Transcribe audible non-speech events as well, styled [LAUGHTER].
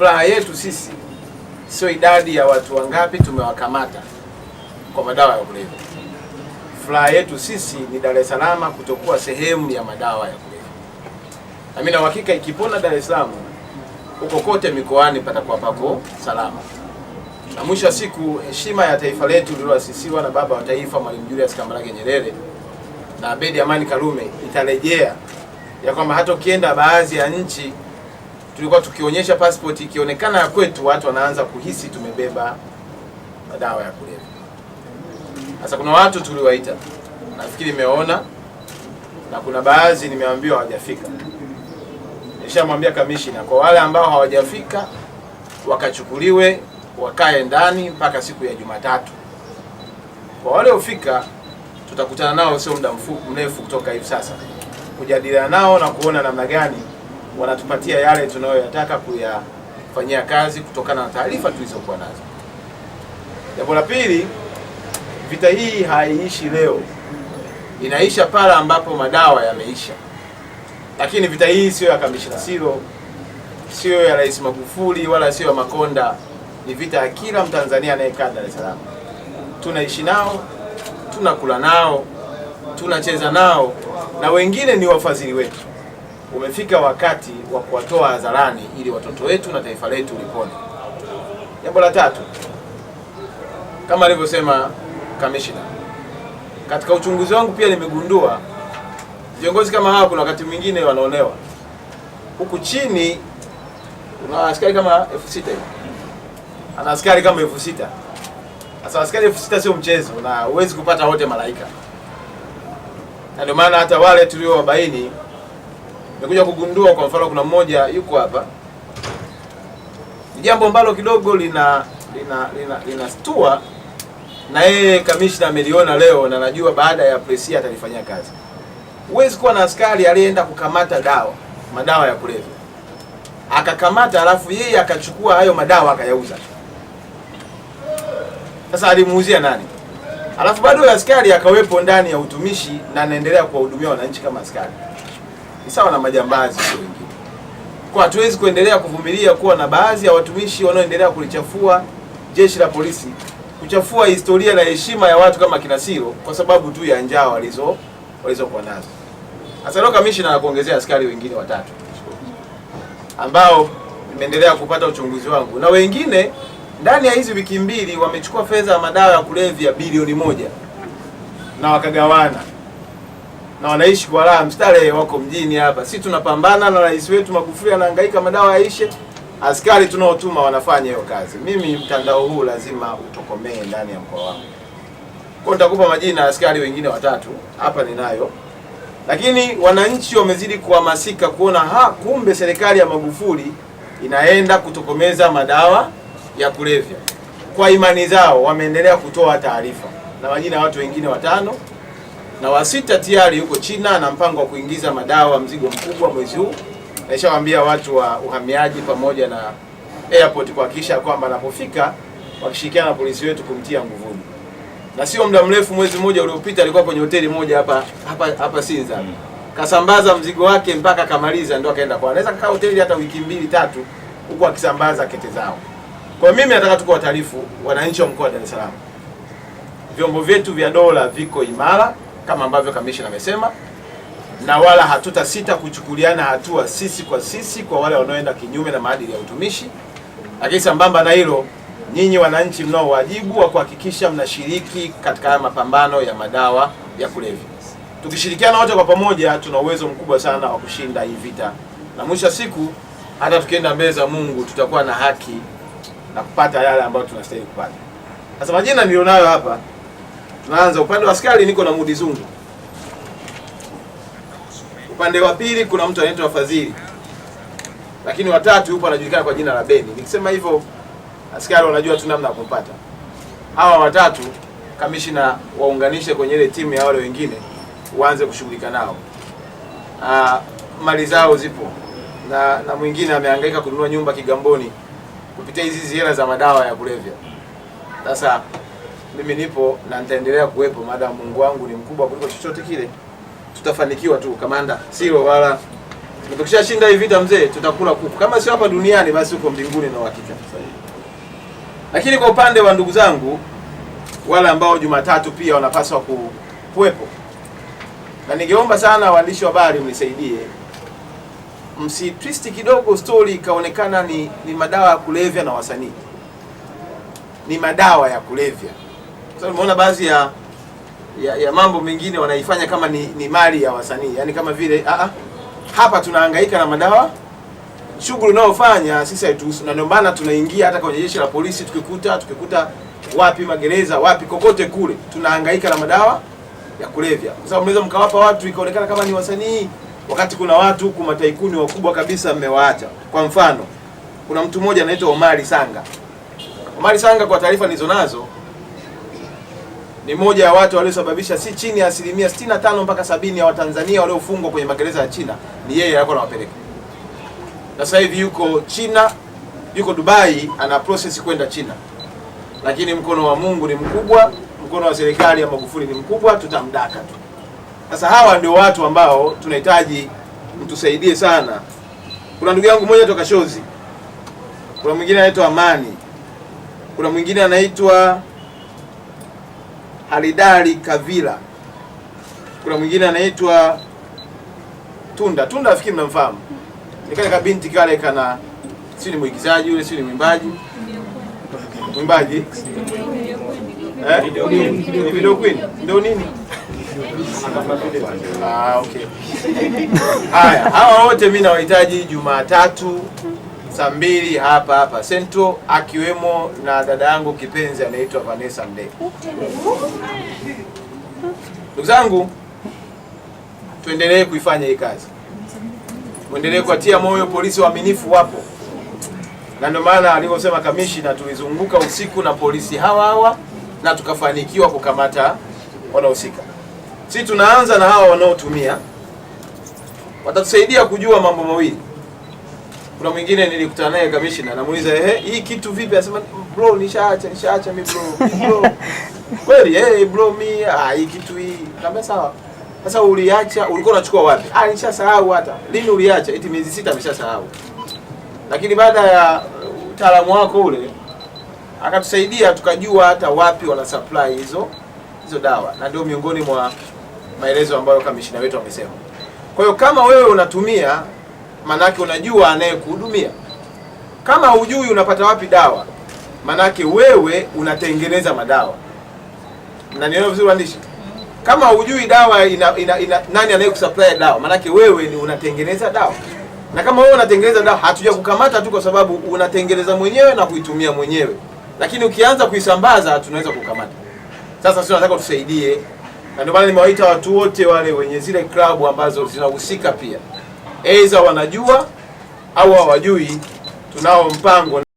furaha yetu sisi sio idadi ya watu wangapi tumewakamata kwa madawa ya kulevya. Furaha yetu sisi ni Dar es Salaam kutokuwa sehemu ya madawa ya kulevya, na mimi na uhakika ikipona Dar es Salaam, huko kote mikoani patakuwa pako salama, na mwisho wa siku heshima ya taifa letu lililoasisiwa na baba wa taifa Mwalimu Julius Kambarage Nyerere na Abedi Amani Karume itarejea, ya kwamba hata ukienda baadhi ya nchi tulikuwa tukionyesha passport ikionekana ya kwetu, watu wanaanza kuhisi tumebeba madawa ya kulevya. Sasa kuna watu tuliwaita, nafikiri nimeona, na kuna baadhi nimeambiwa hawajafika. Nishamwambia kamishina, kwa wale ambao hawajafika wakachukuliwe, wakae ndani mpaka siku ya Jumatatu. Kwa waliofika tutakutana nao sio muda mrefu kutoka hivi sasa, kujadiliana nao na kuona namna gani wanatupatia yale tunayoyataka kuyafanyia kazi kutokana na taarifa tulizokuwa nazo. Jambo la pili, vita hii haiishi leo, inaisha pale ambapo madawa yameisha. Lakini vita hii siyo ya kamishina Silo, siyo ya Rais Magufuli, wala siyo ya Makonda. Ni vita ya kila Mtanzania anayekaa Dar es Salaam. Tunaishi nao, tunakula nao, tunacheza nao, na wengine ni wafadhili wetu umefika wakati wa kuwatoa hadharani ili watoto wetu na taifa letu lipone. Jambo la tatu, kama alivyosema kamishina, katika uchunguzi wangu pia nimegundua viongozi kama hawa kuna wakati mwingine wanaonewa. Huku chini kuna askari kama elfu sita hivi, ana askari kama elfu sita Sasa askari elfu sita sio mchezo, na huwezi kupata wote malaika, na ndio maana hata wale tuliowabaini Nimekuja kugundua kwa mfano kuna mmoja yuko hapa, ni jambo ambalo kidogo lina lina lina, lina stua na yeye kamishna ameliona leo, na najua baada ya presia atalifanyia kazi. Huwezi kuwa na askari aliyeenda kukamata dawa madawa ya kulevya akakamata, alafu yeye akachukua hayo madawa akayauza. Sasa alimuuzia nani? Alafu bado askari akawepo ndani ya utumishi na anaendelea kuwahudumia wananchi kama askari ni sawa na majambazi sio wengine. Kwa hatuwezi kuendelea kuvumilia kuwa na baadhi ya watumishi wanaoendelea kulichafua jeshi la polisi, kuchafua historia na heshima ya watu kama Kinasiro kwa sababu tu ya njaa walizo walizokuwa nazo. Sasa leo kamishna anakuongezea askari wengine watatu ambao nimeendelea kupata uchunguzi wangu, na wengine ndani ya hizi wiki mbili wamechukua fedha ya madawa ya kulevya bilioni moja na wakagawana na wanaishi kwa raha mstarehe, wako mjini hapa. Si tunapambana na rais wetu Magufuli anahangaika madawa yaishe, askari tunaotuma wanafanya hiyo kazi. Mimi mtandao huu lazima utokomee ndani ya mkoa wangu, kwa nitakupa majina askari wengine watatu hapa ninayo, lakini wananchi wamezidi kuhamasika kuona ha, kumbe serikali ya Magufuli inaenda kutokomeza madawa ya kulevya. Kwa imani zao wameendelea kutoa taarifa na majina ya watu wengine watano na wa sita tayari yuko China na mpango wa kuingiza madawa mzigo mkubwa mwezi huu. Naishawaambia watu wa uhamiaji pamoja na airport kuhakikisha kwamba anapofika wakishirikiana na polisi wetu kumtia nguvuni. Na sio muda mrefu, mwezi mmoja uliopita, alikuwa kwenye hoteli moja hapa hapa hapa Sinza, mm. kasambaza mzigo wake mpaka kamaliza, ndio akaenda kwa, anaweza kukaa hoteli hata wiki mbili tatu, huko akisambaza kete zao. Kwa mimi nataka tu kuwataarifu wananchi wa mkoa wa Dar es Salaam, vyombo vyetu vya dola viko imara kama ambavyo kamishna amesema, na wala hatutasita kuchukuliana hatua sisi kwa sisi kwa wale wanaoenda kinyume na maadili ya utumishi. Lakini sambamba na hilo, nyinyi wananchi mnao wajibu wa kuhakikisha mnashiriki katika haya mapambano ya madawa ya kulevya. Tukishirikiana wote kwa pamoja, tuna uwezo mkubwa sana wa kushinda hii vita, na mwisho wa siku hata tukienda mbele za Mungu tutakuwa na haki na kupata yale ambayo tunastahili kupata. Sasa majina nilionayo hapa tunaanza upande wa askari, niko na Mudi Zungu. Upande wa pili kuna mtu anaitwa Fadhili, lakini watatu yupo anajulikana kwa jina la Beni. Nikisema hivyo askari wanajua tu namna ya kumpata. Hawa watatu kamishna waunganishe kwenye ile timu ya wale wengine, uanze kushughulika nao. Ah, mali zao zipo na, na mwingine amehangaika kununua nyumba Kigamboni kupitia hizi hela za madawa ya kulevya sasa mimi nipo na nitaendelea kuwepo, maadamu Mungu wangu ni mkubwa kuliko chochote kile. Tutafanikiwa tu kamanda, sio wala shinda hii vita mzee, tutakula kuku kama sio hapa duniani, basi huko mbinguni na uhakika. Lakini kwa upande wa ndugu zangu wale ambao Jumatatu pia wanapaswa kuwepo, na ningeomba sana waandishi wa habari mnisaidie, msitwisti kidogo story ikaonekana ni, ni madawa ya kulevya na wasanii, ni madawa ya kulevya sababu umeona baadhi ya, ya ya mambo mengine wanaifanya kama ni, ni mali ya wasanii, yaani kama vile a ah, a ah, hapa tunahangaika na madawa, shughuli unayofanya sisi haituhusu, na ndio maana tunaingia hata kwenye jeshi la polisi tukikuta tukikuta wapi magereza wapi kokote kule tunahangaika na madawa ya kulevya, kwa sababu mnaweza mkawapa watu ikaonekana kama ni wasanii, wakati kuna watu huku mataikuni wakubwa kabisa mmewaacha. Kwa mfano, kuna mtu mmoja anaitwa Omari Sanga. Omari Sanga, kwa taarifa nazo, ni moja ya watu waliosababisha si chini ya asilimia 65 mpaka sabini ya Watanzania waliofungwa kwenye magereza ya China. Ni yeye alikuwa anawapeleka, na sasa hivi yuko China, yuko Dubai, ana process kwenda China, lakini mkono wa Mungu ni mkubwa, mkono wa serikali ya Magufuli ni mkubwa, tutamdaka tu. Sasa hawa ndio watu ambao tunahitaji mtusaidie sana. Kuna ndugu yangu mmoja toka Shozi, kuna mwingine anaitwa Amani, kuna mwingine anaitwa Alidari Kavila, kuna mwingine anaitwa Tunda Tunda, nafikiri mnamfahamu, ni kale kabinti kale kana, si ni mwigizaji yule, si ni mwimbaji mwimbaji eh? video queen ndio nini? Ah, okay. Haya, hawa wote mimi nawahitaji Jumatatu saa mbili hapa hapa Central, akiwemo na dada yangu kipenzi anaitwa Vanessa Mdee. Ndugu zangu, tuendelee kuifanya hii kazi, muendelee kuatia moyo polisi. Waaminifu wapo, na ndio maana alivyosema kamishna, tulizunguka usiku na polisi hawa hawa na tukafanikiwa kukamata wanaohusika. Sisi tunaanza na hawa wanaotumia, watatusaidia kujua mambo mawili kuna mwingine nilikutana naye kamishna, namuuliza ehe, hii kitu vipi? Anasema bro, nishaacha nishaacha mimi bro, bro [LAUGHS] kweli eh bro, mi ah, hii kitu hii. Nikamwambia sawa. Sasa uliacha, ulikuwa unachukua wapi? Ah, nishasahau hata. Lini uliacha? Eti miezi sita ameshasahau. Lakini baada ya uh, utaalamu wako ule akatusaidia tukajua hata wapi wana supply hizo hizo dawa, na ndio miongoni mwa maelezo ambayo kamishina wetu amesema. Kwa hiyo kama wewe unatumia manake unajua anayekuhudumia. Kama hujui unapata wapi dawa, manake wewe unatengeneza madawa. Mnanielewa vizuri waandishi? Kama hujui dawa ina, ina, ina, nani anayekusupply dawa, manake wewe ni unatengeneza dawa, na kama wewe unatengeneza dawa, hatuja kukamata tu kwa sababu unatengeneza mwenyewe na kuitumia mwenyewe, lakini ukianza kuisambaza tunaweza kukamata. Sasa sio, nataka tusaidie, na ndio maana nimewaita watu wote wale wenye zile klabu ambazo zinahusika pia aidha wanajua au hawajui, tunao mpango